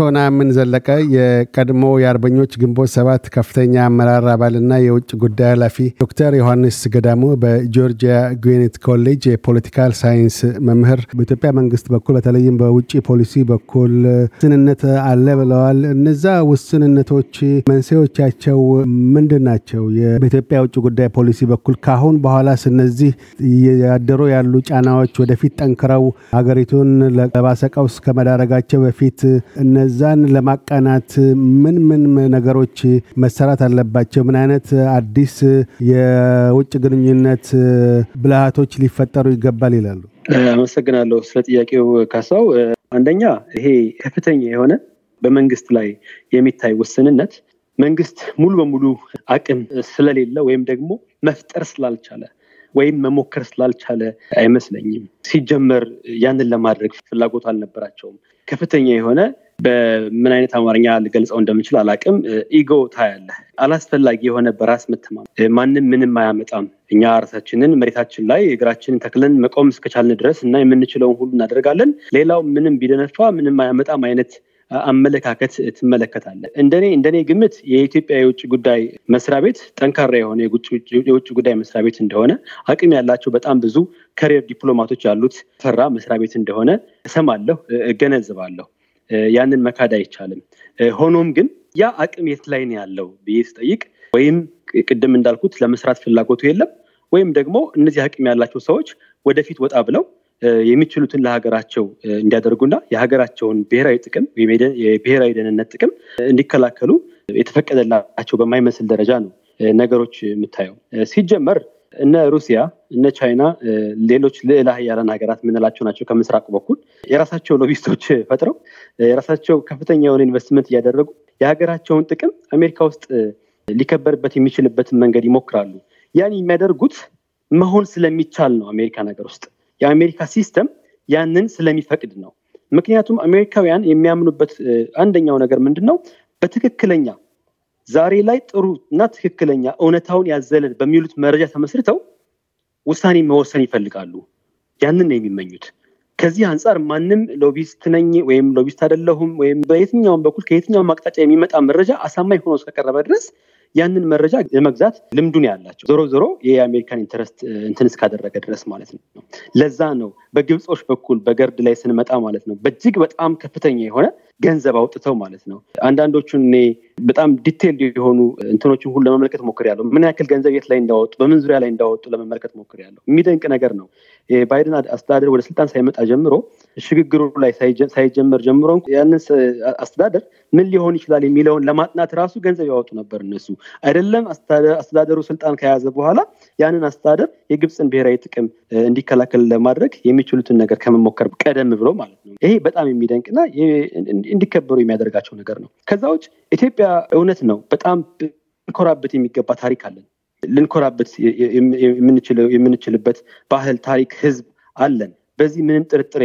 ቶና ምን ዘለቀ የቀድሞ የአርበኞች ግንቦት ሰባት ከፍተኛ አመራር አባልና የውጭ ጉዳይ ኃላፊ ዶክተር ዮሐንስ ገዳሙ በጆርጂያ ግዊኔት ኮሌጅ የፖለቲካል ሳይንስ መምህር፣ በኢትዮጵያ መንግስት በኩል በተለይም በውጭ ፖሊሲ በኩል ውስንነት አለ ብለዋል። እነዛ ውስንነቶች መንስኤዎቻቸው ምንድን ናቸው? በኢትዮጵያ የውጭ ጉዳይ ፖሊሲ በኩል ከአሁን በኋላ ስነዚህ እያደሩ ያሉ ጫናዎች ወደፊት ጠንክረው ሀገሪቱን ለባሰ ቀውስ ከመዳረጋቸው በፊት እነዛን ለማቃናት ምን ምን ነገሮች መሰራት አለባቸው? ምን አይነት አዲስ የውጭ ግንኙነት ብልሃቶች ሊፈጠሩ ይገባል ይላሉ? አመሰግናለሁ ስለ ጥያቄው ካሳው። አንደኛ ይሄ ከፍተኛ የሆነ በመንግስት ላይ የሚታይ ውስንነት መንግስት ሙሉ በሙሉ አቅም ስለሌለ ወይም ደግሞ መፍጠር ስላልቻለ ወይም መሞከር ስላልቻለ አይመስለኝም። ሲጀመር ያንን ለማድረግ ፍላጎት አልነበራቸውም። ከፍተኛ የሆነ በምን አይነት አማርኛ ልገልጸው እንደምችል አላቅም። ኢጎ ታያለህ። አላስፈላጊ የሆነ በራስ መተማመን፣ ማንም ምንም አያመጣም፣ እኛ ራሳችንን መሬታችን ላይ እግራችንን ተክለን መቆም እስከቻልን ድረስ እና የምንችለውን ሁሉ እናደርጋለን፣ ሌላው ምንም ቢደነፋ ምንም አያመጣም አይነት አመለካከት ትመለከታለን። እንደኔ እንደኔ ግምት የኢትዮጵያ የውጭ ጉዳይ መስሪያ ቤት ጠንካራ የሆነ የውጭ ጉዳይ መስሪያ ቤት እንደሆነ አቅም ያላቸው በጣም ብዙ ከሪየር ዲፕሎማቶች ያሉት ፈራ መስሪያ ቤት እንደሆነ እሰማለሁ፣ እገነዝባለሁ። ያንን መካድ አይቻልም። ሆኖም ግን ያ አቅም የት ላይ ያለው ብዬ ስጠይቅ ወይም ቅድም እንዳልኩት ለመስራት ፍላጎቱ የለም ወይም ደግሞ እነዚህ አቅም ያላቸው ሰዎች ወደፊት ወጣ ብለው የሚችሉትን ለሀገራቸው እንዲያደርጉና የሀገራቸውን ብሔራዊ ጥቅም ወይም የብሔራዊ ደህንነት ጥቅም እንዲከላከሉ የተፈቀደላቸው በማይመስል ደረጃ ነው ነገሮች የምታየው። ሲጀመር እነ ሩሲያ እነ ቻይና ሌሎች ልዕላ ያለን ሀገራት የምንላቸው ናቸው። ከምስራቅ በኩል የራሳቸው ሎቢስቶች ፈጥረው የራሳቸው ከፍተኛ የሆነ ኢንቨስትመንት እያደረጉ የሀገራቸውን ጥቅም አሜሪካ ውስጥ ሊከበርበት የሚችልበትን መንገድ ይሞክራሉ። ያን የሚያደርጉት መሆን ስለሚቻል ነው። አሜሪካ ነገር ውስጥ የአሜሪካ ሲስተም ያንን ስለሚፈቅድ ነው። ምክንያቱም አሜሪካውያን የሚያምኑበት አንደኛው ነገር ምንድን ነው? በትክክለኛ ዛሬ ላይ ጥሩ እና ትክክለኛ እውነታውን ያዘለን በሚሉት መረጃ ተመስርተው ውሳኔ መወሰን ይፈልጋሉ። ያንን ነው የሚመኙት። ከዚህ አንጻር ማንም ሎቢስት ነኝ ወይም ሎቢስት አይደለሁም ወይም በየትኛውም በኩል ከየትኛውም አቅጣጫ የሚመጣ መረጃ አሳማኝ ሆኖ እስከቀረበ ድረስ ያንን መረጃ ለመግዛት ልምዱን ያላቸው ዞሮ ዞሮ የአሜሪካን ኢንተረስት እንትን እስካደረገ ድረስ ማለት ነው። ለዛ ነው በግብጾች በኩል በገርድ ላይ ስንመጣ ማለት ነው በእጅግ በጣም ከፍተኛ የሆነ ገንዘብ አውጥተው ማለት ነው። አንዳንዶቹን እኔ በጣም ዲቴል የሆኑ እንትኖችን ሁሉ ለመመልከት ያለው ምን ያክል ገንዘብ የት ላይ እንዳወጡ፣ በምን ዙሪያ ላይ እንዳወጡ ለመመልከት ያለው የሚደንቅ ነገር ነው። የባይደን አስተዳደር ወደ ስልጣን ሳይመጣ ጀምሮ ሽግግሩ ላይ ሳይጀመር ጀምሮ ያንን አስተዳደር ምን ሊሆን ይችላል የሚለውን ለማጥናት ራሱ ገንዘብ ያወጡ ነበር እነሱ አይደለም። አስተዳደሩ ስልጣን ከያዘ በኋላ ያንን አስተዳደር የግብፅን ብሔራዊ ጥቅም እንዲከላከል ለማድረግ የሚችሉትን ነገር ከመሞከር ቀደም ብሎ ማለት ነው። ይሄ በጣም የሚደንቅና እንዲከበሩ የሚያደርጋቸው ነገር ነው። ከዛ ውጭ ኢትዮጵያ እውነት ነው በጣም ልንኮራበት የሚገባ ታሪክ አለን። ልንኮራበት የምንችልበት ባህል፣ ታሪክ፣ ህዝብ አለን። በዚህ ምንም ጥርጥር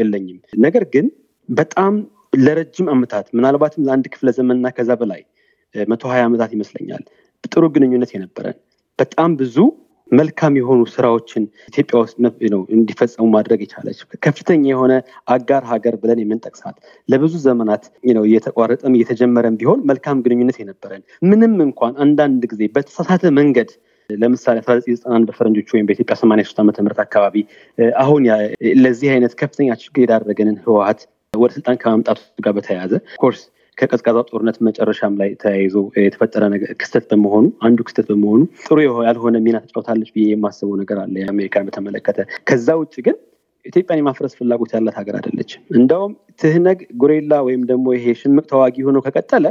የለኝም። ነገር ግን በጣም ለረጅም አመታት ምናልባትም ለአንድ ክፍለ ዘመንና ከዛ በላይ መቶ ሀያ ዓመታት ይመስለኛል ጥሩ ግንኙነት የነበረን በጣም ብዙ መልካም የሆኑ ስራዎችን ኢትዮጵያ ውስጥ ነው እንዲፈጸሙ ማድረግ የቻለች ከፍተኛ የሆነ አጋር ሀገር ብለን የምንጠቅሳት ለብዙ ዘመናት ነው እየተቋረጠም እየተጀመረም ቢሆን መልካም ግንኙነት የነበረን ምንም እንኳን አንዳንድ ጊዜ በተሳሳተ መንገድ ለምሳሌ አስራ ዘጠኝ ዘጠናን በፈረንጆቹ ወይም በኢትዮጵያ ሰማንያ ሶስት ዓመተ ምህረት አካባቢ አሁን ለዚህ አይነት ከፍተኛ ችግር የዳረገንን ህወሀት ወደ ስልጣን ከማምጣቱ ጋር በተያያዘ ኮርስ ከቀዝቃዛው ጦርነት መጨረሻም ላይ ተያይዞ የተፈጠረ ክስተት በመሆኑ አንዱ ክስተት በመሆኑ ጥሩ ያልሆነ ሚና ተጫውታለች ብዬ የማስበው ነገር አለ የአሜሪካን በተመለከተ። ከዛ ውጭ ግን ኢትዮጵያን የማፍረስ ፍላጎት ያላት ሀገር አይደለችም። እንደውም ትህነግ ጉሬላ ወይም ደግሞ ይሄ ሽምቅ ተዋጊ ሆኖ ከቀጠለ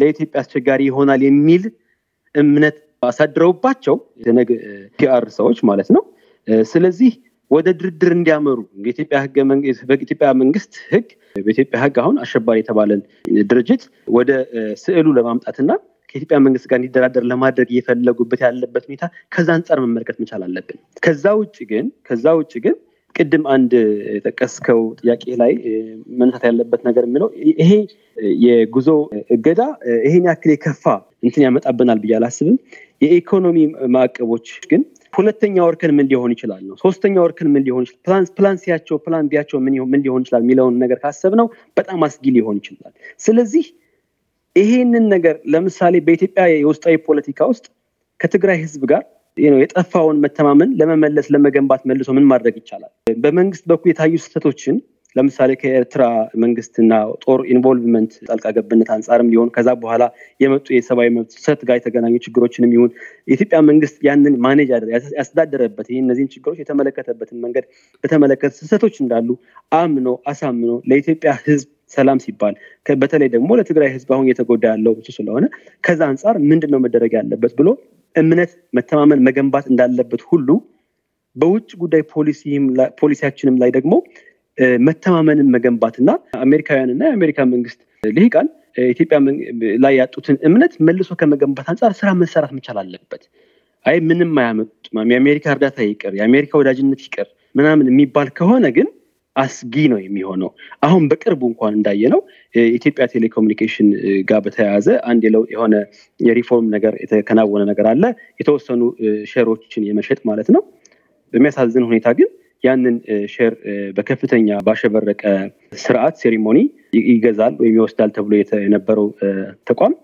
ለኢትዮጵያ አስቸጋሪ ይሆናል የሚል እምነት አሳድረውባቸው ትህነግ ፒአር ሰዎች ማለት ነው። ስለዚህ ወደ ድርድር እንዲያመሩ ኢትዮጵያ መንግስት ህግ በኢትዮጵያ ህግ አሁን አሸባሪ የተባለን ድርጅት ወደ ስዕሉ ለማምጣትና ከኢትዮጵያ መንግስት ጋር እንዲደራደር ለማድረግ እየፈለጉበት ያለበት ሁኔታ ከዛ አንጻር መመልከት መቻል አለብን። ከዛ ውጭ ግን ከዛ ውጭ ግን ቅድም አንድ የጠቀስከው ጥያቄ ላይ መንሳት ያለበት ነገር የሚለው ይሄ የጉዞ እገዳ ይሄን ያክል የከፋ እንትን ያመጣብናል ብዬ አላስብም። የኢኮኖሚ ማዕቀቦች ግን ሁለተኛ ወርከን ምን ሊሆን ይችላል ነው ሶስተኛ ወርከን ምን ሊሆን ይችላል ፕላን ሲያቸው ፕላን ቢያቸው ምን ሊሆን ይችላል የሚለውን ነገር ካሰብ ነው በጣም አስጊ ሊሆን ይችላል ስለዚህ ይሄንን ነገር ለምሳሌ በኢትዮጵያ የውስጣዊ ፖለቲካ ውስጥ ከትግራይ ህዝብ ጋር የጠፋውን መተማመን ለመመለስ ለመገንባት መልሶ ምን ማድረግ ይቻላል በመንግስት በኩል የታዩ ስህተቶችን ለምሳሌ ከኤርትራ መንግስትና ጦር ኢንቮልቭመንት ጣልቃ ገብነት አንጻርም ሊሆን ከዛ በኋላ የመጡ የሰብዊ መብት ሰት ጋር የተገናኙ ችግሮችንም ይሁን የኢትዮጵያ መንግስት ያንን ማኔጅ ያስተዳደረበት ይህ እነዚህን ችግሮች የተመለከተበትን መንገድ በተመለከተ ስሰቶች እንዳሉ አምኖ አሳምኖ ለኢትዮጵያ ህዝብ ሰላም ሲባል በተለይ ደግሞ ለትግራይ ህዝብ አሁን እየተጎዳ ያለው ብሱ ስለሆነ ከዛ አንጻር ምንድን ነው መደረግ ያለበት ብሎ እምነት መተማመን መገንባት እንዳለበት ሁሉ በውጭ ጉዳይ ፖሊሲያችንም ላይ ደግሞ መተማመንን መገንባትና አሜሪካውያንና የአሜሪካ መንግስት ልሂቃን ኢትዮጵያ ላይ ያጡትን እምነት መልሶ ከመገንባት አንጻር ስራ መሰራት መቻል አለበት። አይ ምንም አያመጡም፣ የአሜሪካ እርዳታ ይቅር፣ የአሜሪካ ወዳጅነት ይቅር ምናምን የሚባል ከሆነ ግን አስጊ ነው የሚሆነው። አሁን በቅርቡ እንኳን እንዳየነው ኢትዮጵያ ቴሌኮሙኒኬሽን ጋር በተያያዘ አንድ የሆነ የሪፎርም ነገር የተከናወነ ነገር አለ። የተወሰኑ ሸሮችን የመሸጥ ማለት ነው። በሚያሳዝን ሁኔታ ግን ያንን ሼር በከፍተኛ ባሸበረቀ ስርዓት ሴሪሞኒ ይገዛል ወይም ይወስዳል ተብሎ የነበረው ተቋም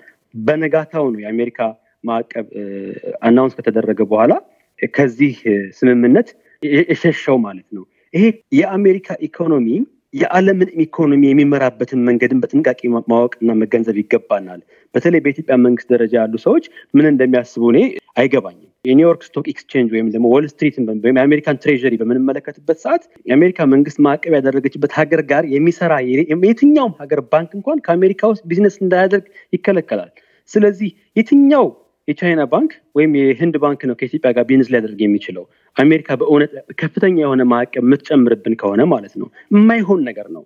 በነጋታው ነው የአሜሪካ ማዕቀብ አናውንስ ከተደረገ በኋላ ከዚህ ስምምነት የሸሻው ማለት ነው። ይሄ የአሜሪካ ኢኮኖሚ የዓለምን ኢኮኖሚ የሚመራበትን መንገድን በጥንቃቄ ማወቅና መገንዘብ ይገባናል። በተለይ በኢትዮጵያ መንግስት ደረጃ ያሉ ሰዎች ምን እንደሚያስቡ እኔ አይገባኝም። የኒውዮርክ ስቶክ ኤክስቼንጅ ወይም ደግሞ ወል ስትሪት ወይም የአሜሪካን ትሬዥሪ በምንመለከትበት ሰዓት የአሜሪካ መንግስት ማዕቀብ ያደረገችበት ሀገር ጋር የሚሰራ የትኛውም ሀገር ባንክ እንኳን ከአሜሪካ ውስጥ ቢዝነስ እንዳያደርግ ይከለከላል። ስለዚህ የትኛው የቻይና ባንክ ወይም የህንድ ባንክ ነው ከኢትዮጵያ ጋር ቢዝነስ ሊያደርግ የሚችለው አሜሪካ በእውነት ከፍተኛ የሆነ ማዕቀብ የምትጨምርብን ከሆነ ማለት ነው። የማይሆን ነገር ነው።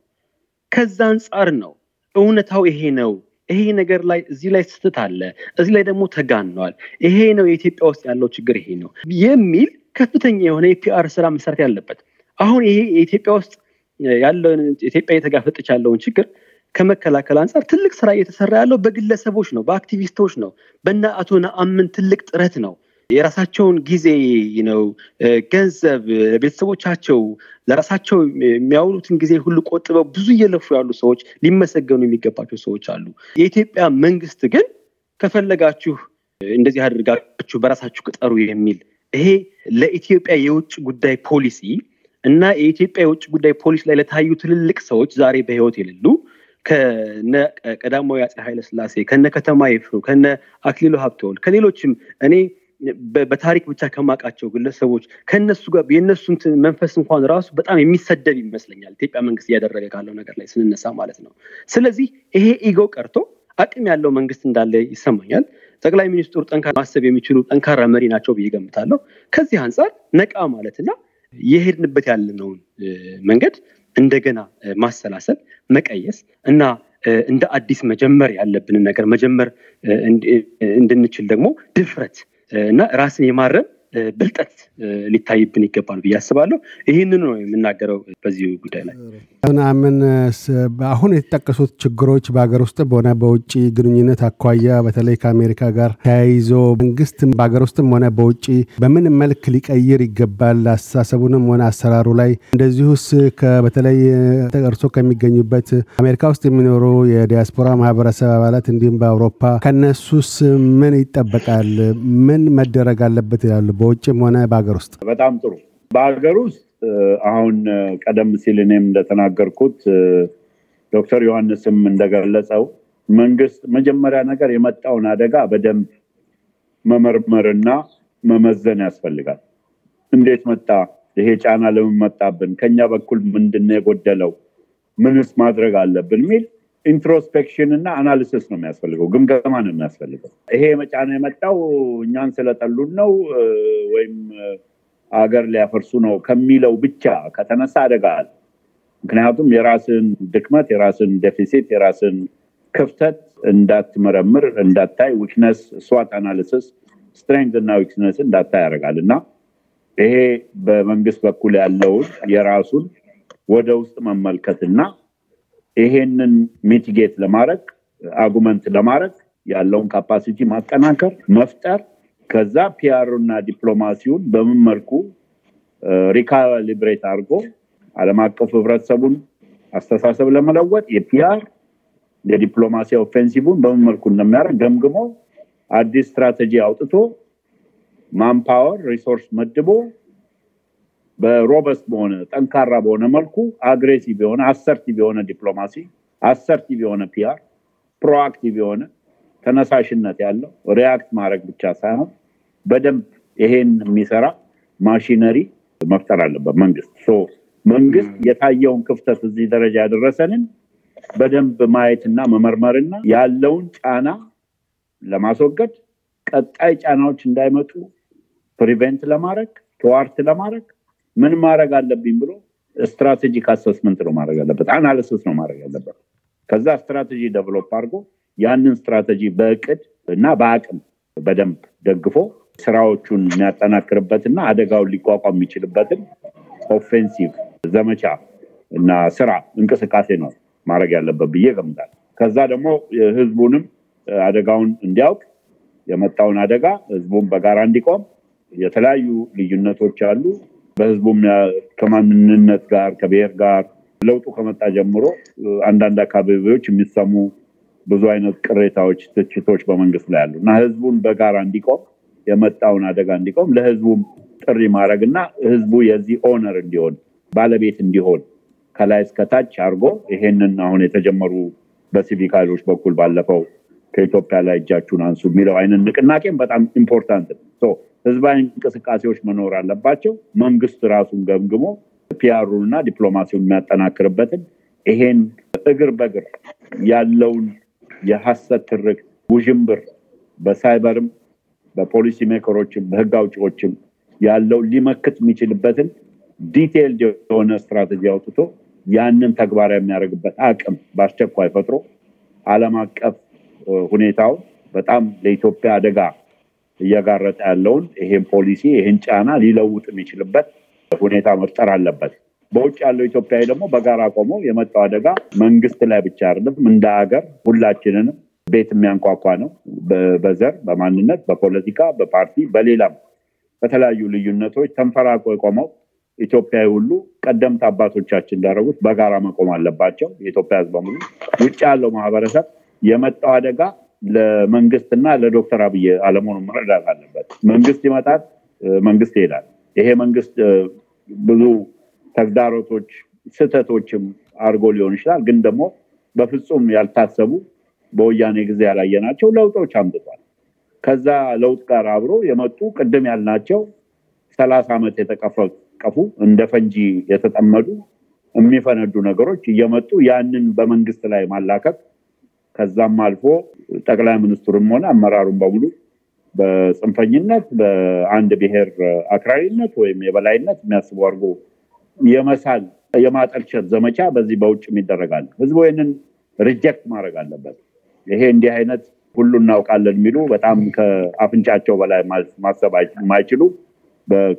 ከዛ አንጻር ነው እውነታው ይሄ ነው። ይሄ ነገር ላይ እዚህ ላይ ስትት አለ፣ እዚህ ላይ ደግሞ ተጋኗል። ይሄ ነው የኢትዮጵያ ውስጥ ያለው ችግር ይሄ ነው የሚል ከፍተኛ የሆነ የፒአር ስራ መሰረት ያለበት አሁን ይሄ የኢትዮጵያ ውስጥ ያለውን ኢትዮጵያ የተጋፈጠች ያለውን ችግር ከመከላከል አንጻር ትልቅ ስራ እየተሰራ ያለው በግለሰቦች ነው፣ በአክቲቪስቶች ነው፣ በና አቶ ነአምን ትልቅ ጥረት ነው። የራሳቸውን ጊዜ ነው፣ ገንዘብ፣ ቤተሰቦቻቸው ለራሳቸው የሚያውሉትን ጊዜ ሁሉ ቆጥበው ብዙ እየለፉ ያሉ ሰዎች ሊመሰገኑ የሚገባቸው ሰዎች አሉ። የኢትዮጵያ መንግስት ግን ከፈለጋችሁ እንደዚህ አድርጋችሁ በራሳችሁ ቅጠሩ የሚል ይሄ ለኢትዮጵያ የውጭ ጉዳይ ፖሊሲ እና የኢትዮጵያ የውጭ ጉዳይ ፖሊሲ ላይ ለታዩ ትልልቅ ሰዎች ዛሬ በህይወት የሌሉ ከነ ቀዳማዊ አፄ ስላሴ ከነ ከተማ ይፍሩ ከነ አክሊሉ ሀብተወልድ ከሌሎችም እኔ በታሪክ ብቻ ከማቃቸው ግለሰቦች ከነሱ ጋር የነሱ መንፈስ እንኳን ራሱ በጣም የሚሰደብ ይመስለኛል ኢትዮጵያ መንግስት እያደረገ ካለው ነገር ላይ ስንነሳ ማለት ነው። ስለዚህ ይሄ ኢጎ ቀርቶ አቅም ያለው መንግስት እንዳለ ይሰማኛል። ጠቅላይ ሚኒስትሩ ጠንካ ማሰብ የሚችሉ ጠንካራ መሪ ናቸው ብዬ ገምታለሁ። ከዚህ አንጻር ነቃ ማለትና የሄድንበት ያለነውን መንገድ እንደገና ማሰላሰል፣ መቀየስ እና እንደ አዲስ መጀመር ያለብንን ነገር መጀመር እንድንችል ደግሞ ድፍረት እና ራስን የማረም ብልጠት ሊታይብን ይገባል ብዬ አስባለሁ። ይህንን ነው የምናገረው በዚህ ጉዳይ ላይ ምናምን። አሁን የተጠቀሱት ችግሮች በሀገር ውስጥ በሆነ በውጭ ግንኙነት አኳያ በተለይ ከአሜሪካ ጋር ተያይዞ መንግስት በሀገር ውስጥም ሆነ በውጭ በምን መልክ ሊቀይር ይገባል አስተሳሰቡንም ሆነ አሰራሩ ላይ እንደዚሁስ በተለይ እርሶ ከሚገኙበት አሜሪካ ውስጥ የሚኖሩ የዲያስፖራ ማህበረሰብ አባላት እንዲሁም በአውሮፓ ከነሱስ ምን ይጠበቃል? ምን መደረግ አለበት ይላሉ? በውጭም ሆነ በሀገር ውስጥ? በጣም ጥሩ። በሀገር ውስጥ አሁን ቀደም ሲል እኔም እንደተናገርኩት ዶክተር ዮሐንስም እንደገለጸው መንግስት መጀመሪያ ነገር የመጣውን አደጋ በደንብ መመርመርና መመዘን ያስፈልጋል። እንዴት መጣ? ይሄ ጫና ለምን መጣብን? ከኛ በኩል ምንድን ነው የጎደለው? ምንስ ማድረግ አለብን? የሚል ኢንትሮስፔክሽን እና አናሊሲስ ነው የሚያስፈልገው፣ ግምገማ ነው የሚያስፈልገው። ይሄ መጫን የመጣው እኛን ስለጠሉን ነው ወይም አገር ሊያፈርሱ ነው ከሚለው ብቻ ከተነሳ አደጋ አለ። ምክንያቱም የራስን ድክመት፣ የራስን ዴፊሲት፣ የራስን ክፍተት እንዳትመረምር፣ እንዳታይ ዊክነስ ስዋት አናሊሲስ ስትሬንግ እና ዊክነስ እንዳታይ ያደርጋል እና ይሄ በመንግስት በኩል ያለውን የራሱን ወደ ውስጥ መመልከትና ይሄንን ሚቲጌት ለማድረግ አርጉመንት ለማድረግ ያለውን ካፓሲቲ ማጠናከር መፍጠር ከዛ ፒያሩ እና ዲፕሎማሲውን በምን መልኩ ሪካሊብሬት አድርጎ አለም አቀፍ ህብረተሰቡን አስተሳሰብ ለመለወጥ የፒያር የዲፕሎማሲ ኦፌንሲቭን በምን መልኩ እንደሚያደርግ ገምግሞ አዲስ ስትራቴጂ አውጥቶ ማምፓወር ሪሶርስ መድቦ በሮበስት በሆነ ጠንካራ በሆነ መልኩ አግሬሲቭ የሆነ አሰርቲቭ የሆነ ዲፕሎማሲ፣ አሰርቲቭ የሆነ ፒአር፣ ፕሮአክቲቭ የሆነ ተነሳሽነት ያለው ሪያክት ማድረግ ብቻ ሳይሆን በደንብ ይሄን የሚሰራ ማሽነሪ መፍጠር አለበት መንግስት። መንግስት የታየውን ክፍተት እዚህ ደረጃ ያደረሰንን በደንብ ማየትና መመርመርና ያለውን ጫና ለማስወገድ ቀጣይ ጫናዎች እንዳይመጡ ፕሪቬንት ለማድረግ ተዋርት ለማድረግ ምን ማድረግ አለብኝ ብሎ ስትራቴጂክ አሰስመንት ነው ማድረግ ያለበት፣ አናሊሲስ ነው ማድረግ ያለበት። ከዛ ስትራቴጂ ደቨሎፕ አድርጎ ያንን ስትራቴጂ በእቅድ እና በአቅም በደንብ ደግፎ ስራዎቹን የሚያጠናክርበትና አደጋውን ሊቋቋም የሚችልበትን ኦፌንሲቭ ዘመቻ እና ስራ እንቅስቃሴ ነው ማድረግ ያለበት ብዬ ገምታል። ከዛ ደግሞ ህዝቡንም አደጋውን እንዲያውቅ የመጣውን አደጋ ህዝቡን በጋራ እንዲቆም የተለያዩ ልዩነቶች አሉ። በህዝቡ ከማንነት ጋር ከብሔር ጋር ለውጡ ከመጣ ጀምሮ አንዳንድ አካባቢዎች የሚሰሙ ብዙ አይነት ቅሬታዎች፣ ትችቶች በመንግስት ላይ አሉ እና ህዝቡን በጋራ እንዲቆም የመጣውን አደጋ እንዲቆም ለህዝቡ ጥሪ ማድረግ እና ህዝቡ የዚህ ኦነር እንዲሆን ባለቤት እንዲሆን ከላይ እስከታች አድርጎ ይሄንን አሁን የተጀመሩ በሲቪክ ኃይሎች በኩል ባለፈው ከኢትዮጵያ ላይ እጃችሁን አንሱ የሚለው አይነት ንቅናቄም በጣም ኢምፖርታንት ነው። ህዝባዊ እንቅስቃሴዎች መኖር አለባቸው። መንግስት ራሱን ገምግሞ ፒያሩንና ዲፕሎማሲውን የሚያጠናክርበትን ይሄን እግር በእግር ያለውን የሀሰት ትርክ ውዥንብር በሳይበርም በፖሊሲ ሜከሮችም በህግ አውጪዎችም ያለው ሊመክት የሚችልበትን ዲቴል የሆነ ስትራቴጂ አውጥቶ ያንን ተግባራዊ የሚያደርግበት አቅም በአስቸኳይ ፈጥሮ ዓለም አቀፍ ሁኔታው በጣም ለኢትዮጵያ አደጋ እየጋረጠ ያለውን ይሄን ፖሊሲ ይሄን ጫና ሊለውጥ የሚችልበት ሁኔታ መፍጠር አለበት። በውጭ ያለው ኢትዮጵያዊ ደግሞ በጋራ ቆሞ የመጣው አደጋ መንግስት ላይ ብቻ አይደለም፣ እንደ ሀገር ሁላችንንም ቤት የሚያንኳኳ ነው። በዘር፣ በማንነት፣ በፖለቲካ፣ በፓርቲ፣ በሌላም በተለያዩ ልዩነቶች ተንፈራቆ የቆመው ኢትዮጵያዊ ሁሉ ቀደምት አባቶቻችን እንዳደረጉት በጋራ መቆም አለባቸው። የኢትዮጵያ ሕዝብ በሙሉ ውጭ ያለው ማህበረሰብ የመጣው አደጋ ለመንግስትና ለዶክተር አብይ አለመሆኑ መረዳት አለበት። መንግስት ይመጣል፣ መንግስት ይሄዳል። ይሄ መንግስት ብዙ ተግዳሮቶች፣ ስህተቶችም አድርጎ ሊሆን ይችላል። ግን ደግሞ በፍጹም ያልታሰቡ በወያኔ ጊዜ ያላየናቸው ለውጦች አምጥቷል። ከዛ ለውጥ ጋር አብሮ የመጡ ቅድም ያልናቸው ሰላሳ ዓመት የተቀፈቀፉ እንደ ፈንጂ የተጠመዱ የሚፈነዱ ነገሮች እየመጡ ያንን በመንግስት ላይ ማላከክ ከዛም አልፎ ጠቅላይ ሚኒስትሩም ሆነ አመራሩን በሙሉ በጽንፈኝነት በአንድ ብሔር አክራሪነት ወይም የበላይነት የሚያስቡ አድርጎ የመሳል የማጠልሸት ዘመቻ በዚህ በውጭ ይደረጋል። ህዝቡ ይህንን ሪጀክት ማድረግ አለበት። ይሄ እንዲህ አይነት ሁሉ እናውቃለን የሚሉ በጣም ከአፍንጫቸው በላይ ማሰብ የማይችሉ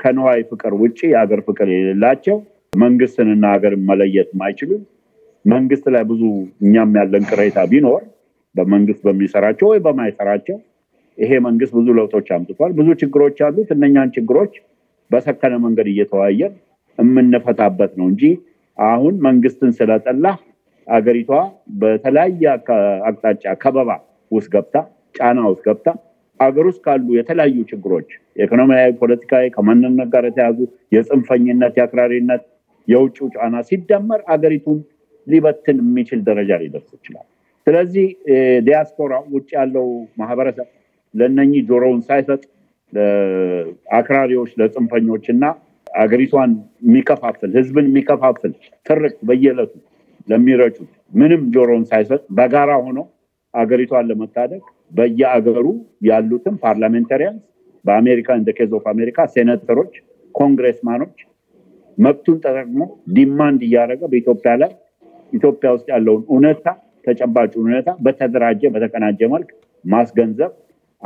ከነዋይ ፍቅር ውጭ የሀገር ፍቅር የሌላቸው መንግስትንና ሀገርን መለየት ማይችሉ መንግስት ላይ ብዙ እኛም ያለን ቅሬታ ቢኖር በመንግስት በሚሰራቸው ወይ በማይሰራቸው ይሄ መንግስት ብዙ ለውጦች አምጥቷል። ብዙ ችግሮች አሉት። እነኛን ችግሮች በሰከነ መንገድ እየተወያየን የምንፈታበት ነው እንጂ አሁን መንግስትን ስለጠላ አገሪቷ በተለያየ አቅጣጫ ከበባ ውስጥ ገብታ ጫና ውስጥ ገብታ አገር ውስጥ ካሉ የተለያዩ ችግሮች የኢኮኖሚያዊ ፖለቲካዊ ከማንነት ጋር የተያዙ የጽንፈኝነት፣ የአክራሪነት፣ የውጭ ጫና ሲደመር አገሪቱን ሊበትን የሚችል ደረጃ ሊደርስ ይችላል። ስለዚህ ዲያስፖራ ውጭ ያለው ማህበረሰብ ለነኚ ጆሮውን ሳይሰጥ ለአክራሪዎች፣ ለጽንፈኞች እና አገሪቷን የሚከፋፍል ህዝብን የሚከፋፍል ትርክ በየለቱ ለሚረጩት ምንም ጆሮውን ሳይሰጥ በጋራ ሆኖ አገሪቷን ለመታደግ በየአገሩ ያሉትን ፓርላሜንታሪያን በአሜሪካ እንደ ኬዝ ኦፍ አሜሪካ ሴኔተሮች፣ ኮንግሬስማኖች መብቱን ተጠቅሞ ዲማንድ እያደረገ በኢትዮጵያ ላይ ኢትዮጵያ ውስጥ ያለውን እውነታ ተጨባጭ ሁኔታ በተደራጀ በተቀናጀ መልክ ማስገንዘብ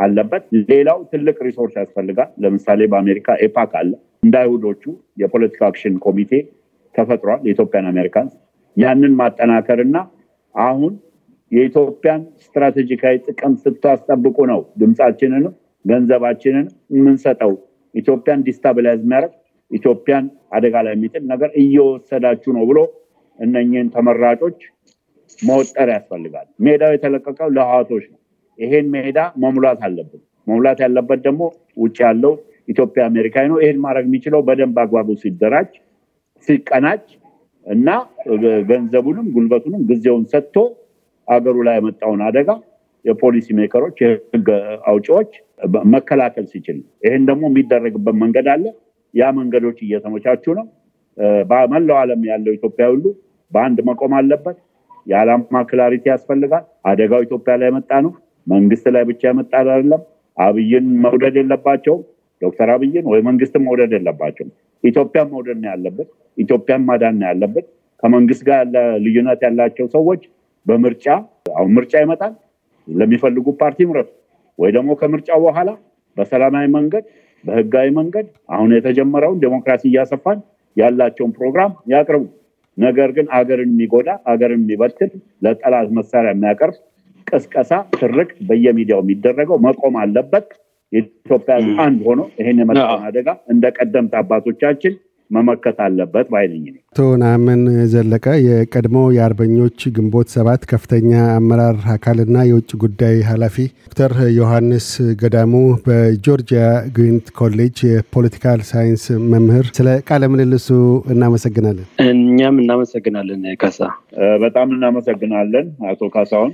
አለበት። ሌላው ትልቅ ሪሶርስ ያስፈልጋል። ለምሳሌ በአሜሪካ ኤፓክ አለ። እንደ አይሁዶቹ የፖለቲካ አክሽን ኮሚቴ ተፈጥሯል። የኢትዮጵያን አሜሪካን ያንን ማጠናከር እና አሁን የኢትዮጵያን ስትራቴጂካዊ ጥቅም ስታስጠብቁ ነው ድምፃችንንም ገንዘባችንን የምንሰጠው ኢትዮጵያን ዲስታብላይዝ የሚያደርግ ኢትዮጵያን አደጋ ላይ የሚጥል ነገር እየወሰዳችሁ ነው ብሎ እነኝህን ተመራጮች መወጠር ያስፈልጋል። ሜዳው የተለቀቀው ለህዋቶች ነው። ይሄን ሜዳ መሙላት አለብን። መሙላት ያለበት ደግሞ ውጭ ያለው ኢትዮጵያ አሜሪካዊ ነው። ይሄን ማድረግ የሚችለው በደንብ አግባቡ ሲደራጅ፣ ሲቀናጅ እና ገንዘቡንም ጉልበቱንም ጊዜውን ሰጥቶ አገሩ ላይ የመጣውን አደጋ የፖሊሲ ሜከሮች የህግ አውጪዎች መከላከል ሲችል ይህን ደግሞ የሚደረግበት መንገድ አለ። ያ መንገዶች እየተመቻቹ ነው። በመላው ዓለም ያለው ኢትዮጵያ ሁሉ በአንድ መቆም አለበት። የዓላማ ክላሪቲ ያስፈልጋል። አደጋው ኢትዮጵያ ላይ የመጣ ነው። መንግስት ላይ ብቻ የመጣ አይደለም። አብይን መውደድ የለባቸውም። ዶክተር አብይን ወይ መንግስትን መውደድ የለባቸውም። ኢትዮጵያን መውደድ ነው ያለበት። ኢትዮጵያን ማዳን ነው ያለበት። ከመንግስት ጋር ያለ ልዩነት ያላቸው ሰዎች በምርጫ አሁን ምርጫ ይመጣል። ለሚፈልጉ ፓርቲ ምረጡ፣ ወይ ደግሞ ከምርጫ በኋላ በሰላማዊ መንገድ በህጋዊ መንገድ አሁን የተጀመረውን ዴሞክራሲ እያሰፋን ያላቸውን ፕሮግራም ያቅርቡ። ነገር ግን አገርን የሚጎዳ አገርን የሚበትል ለጠላት መሳሪያ የሚያቀርብ ቅስቀሳ፣ ትርክ በየሚዲያው የሚደረገው መቆም አለበት። የኢትዮጵያ አንድ ሆኖ ይህን የመጣውን አደጋ እንደ ቀደምት አባቶቻችን መመከት አለበት ባይልኝ። አቶ ነአምን ዘለቀ የቀድሞ የአርበኞች ግንቦት ሰባት ከፍተኛ አመራር አካልና የውጭ ጉዳይ ኃላፊ፣ ዶክተር ዮሐንስ ገዳሙ በጆርጂያ ግሪንት ኮሌጅ የፖለቲካል ሳይንስ መምህር፣ ስለ ቃለ ምልልሱ እናመሰግናለን። እኛም እናመሰግናለን ካሳ፣ በጣም እናመሰግናለን አቶ ካሳውን